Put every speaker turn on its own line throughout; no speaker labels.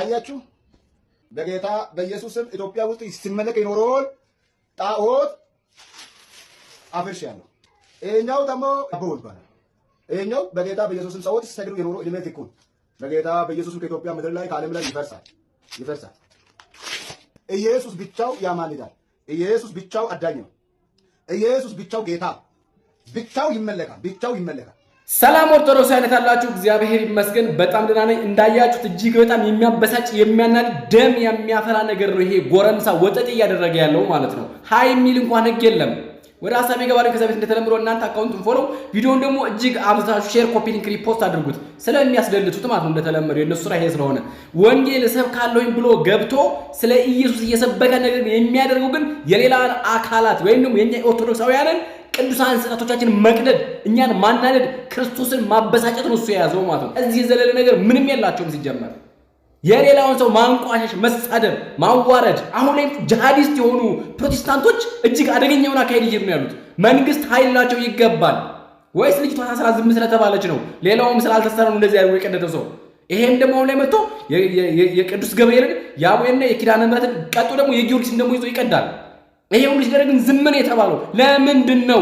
አያችሁ፣ በጌታ በኢየሱስም ኢትዮጵያ ውስጥ ሲመለክ የኖረውን ጣዖት አፍርሽ ያለው ይሄኛው ደግሞ አቦ ይባላል። ይሄኛው በጌታ በኢየሱስም ሰዎች ሲሰግዱ የኖሩ እድሜት ይኩን በጌታ በኢየሱስም ከኢትዮጵያ ምድር ላይ ከዓለም ላይ ይፈርሳል ይፈርሳል። ኢየሱስ ብቻው ያማልዳል። ኢየሱስ ብቻው አዳኝ ነው። ኢየሱስ ብቻው ጌታ ብቻው ይመለካል ብቻው ይመለካል።
ሰላም ኦርቶዶክስ አይነት አላችሁ። እግዚአብሔር ይመስገን በጣም ደህና ነኝ። እንዳያችሁት እጅግ በጣም የሚያበሳጭ የሚያናድ ደም የሚያፈራ ነገር ነው። ይሄ ጎረምሳ ወጠጤ እያደረገ ያለው ማለት ነው። ሀይ የሚል እንኳን ህግ የለም። ወደ ሀሳብ የገባለ ከዛ ቤት እንደተለምዶ እናንተ አካውንቱን ፎሎ፣ ቪዲዮውን ደግሞ እጅግ አብዛችሁ ሼር፣ ኮፒ ሊንክ፣ ሪፖስት አድርጉት ስለሚያስደልቱት ማለት ነው። እንደተለመደው የእነሱ ስራ ይሄ ስለሆነ ወንጌል እሰብካለሁኝ ብሎ ገብቶ ስለ ኢየሱስ እየሰበከ ነገር የሚያደርገው ግን የሌላ አካላት ወይም ደግሞ የኛ ኦርቶዶክሳውያንን ቅዱሳን ስዕለቶቻችን መቅደድ፣ እኛን ማናደድ፣ ክርስቶስን ማበሳጨት ነው እሱ የያዘው ማለት ነው። እዚህ የዘለለ ነገር ምንም የላቸውም ሲጀመር የሌላውን ሰው ማንቋሸሽ፣ መሳደብ፣ ማዋረድ። አሁን ላይ ጂሃዲስት የሆኑ ፕሮቴስታንቶች እጅግ አደገኛውን አካሄድ እየሄዱ ያሉት። መንግስት ኃይል ይገባል ወይስ ልጅቷ ታስራ ዝም ስለተባለች ነው? ሌላውም ስላልተሰራ ነው እንደዚህ ያለው የቀደደ ሰው። ይሄም ደግሞ አሁን ላይ መጥቶ የቅዱስ ገብርኤልን የአቡና የኪዳነ ምሕረትን ቀጡ ደግሞ የጊዮርጊስን ደግሞ ይዞ ይቀዳል። ይሄ ሁሉ ሲደረግ ግን ዝም ነው የተባለው። ለምንድን ነው?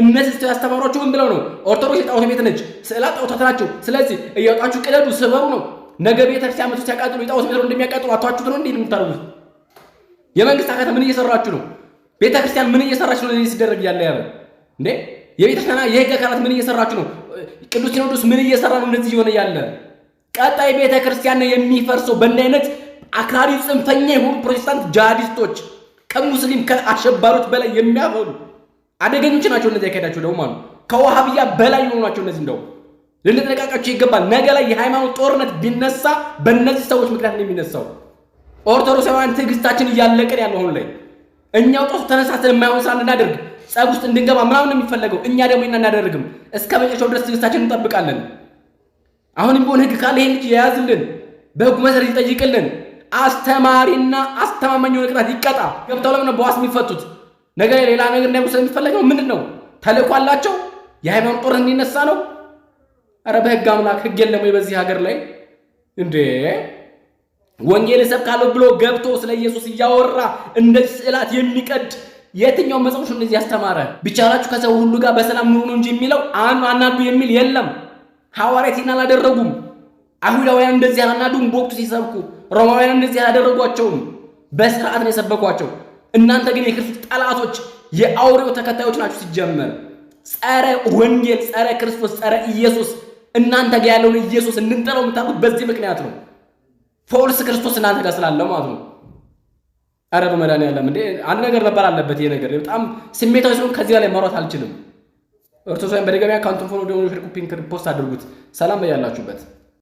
እነዚህ ያስተማሯችሁ ምን ብለው ነው? ኦርቶዶክስ የጣዖት ቤት ነች፣ ስዕላት ጣዖታት ናቸው። ስለዚህ እያወጣችሁ ቅደዱ፣ ስበሩ ነው። ነገ ቤተ ክርስቲያን መቶ ሲያቃጥሉ የጣዖት ቤት ነው እንደሚያቃጥሉ አቷችሁት ነው እንዴ የምታደርጉት? የመንግስት አካላት ምን እየሰራችሁ ነው? ቤተ ክርስቲያን ምን እየሰራች ነው? ለዚህ ሲደረግ ያለ ያለ እንዴ የቤተ ክርስቲያን የህግ አካላት ምን እየሰራችሁ ነው? ቅዱስ ሲኖዶስ ምን እየሰራ ነው? እንደዚህ የሆነ ያለ ቀጣይ ቤተክርስቲያን ነው የሚፈርሰው በእንዲህ አይነት አክራሪ ጽንፈኛ የሆኑ ፕሮቴስታንት ጂሃዲስቶች ከሙስሊም ከአሸባሪዎች በላይ የሚያፈሩ አደገኞች ናቸው። እነዚህ ያካሄዳቸው ደግሞ ማለት ከዋሃብያ በላይ የሆኑ ናቸው። እነዚህ እንደው ልንጠነቀቃቸው ይገባል። ነገ ላይ የሃይማኖት ጦርነት ቢነሳ በእነዚህ ሰዎች ምክንያት ነው የሚነሳው። ኦርቶዶክሳውያን ትዕግስታችን እያለቀን ያለ አሁን ላይ እኛው ጦስ ተነሳስተን የማይሆን ስራ እንድናደርግ ጸብ ውስጥ እንድንገባ ምናምን የሚፈለገው እኛ ደግሞ ይና እናደርግም እስከ መጨረሻው ድረስ ትዕግስታችን እንጠብቃለን። አሁንም ቢሆን ህግ ካለ ይሄን ልጅ የያዝልን፣ በህጉ መሰረት ይጠይቅልን። አስተማሪና አስተማማኝ የሆነ ቅጣት ይቀጣ። ገብተው ለምን በዋስ የሚፈቱት ነገር ሌላ ነገር እንዳይወሰድ የሚፈለገው ምንድን ነው? ተልእኮ አላቸው። የሃይማኖት ጦር እንዲነሳ ነው። ኧረ በህግ አምላክ ህግ የለም ወይ በዚህ ሀገር ላይ እንዴ? ወንጌል እሰብካለሁ ብሎ ገብቶ ስለ ኢየሱስ እያወራ እንደዚህ ስዕላት የሚቀድ የትኛው መጽሐፍ እንደዚህ ያስተማረ? ቢቻላችሁ ከሰው ሁሉ ጋር በሰላም ኑሩ እንጂ የሚለው አኑ አናዱ የሚል የለም። ሐዋርያት ይህን አላደረጉም። አይሁዳውያን እንደዚህ አናዱም በወቅቱ ሲሰብኩ ሮማውያን እንደዚህ አላደረጓቸውም። በስርዓት ነው የሰበኳቸው። እናንተ ግን የክርስቶስ ጠላቶች፣ የአውሬው ተከታዮች ናችሁ። ሲጀመር ጸረ ወንጌል፣ ጸረ ክርስቶስ፣ ጸረ ኢየሱስ እናንተ ጋር ያለውን ኢየሱስ እንድንጠለው የምታሉት በዚህ ምክንያት ነው። ፖልስ ክርስቶስ እናንተ ጋር ስላለው ማለት ነው። ኧረ በመድኃኒዓለም እንዴ አንድ ነገር ነበር አለበት። ይሄ ነገር በጣም ስሜታዊ ሲሆን ከዚህ ላይ ማውራት አልችልም። ኦርቶዶክሳውያን በድጋሚ አካውንቱን ፎሎ ደሞ ሼር፣ ኮፒ፣ ፖስት አድርጉት። ሰላም በያላችሁበት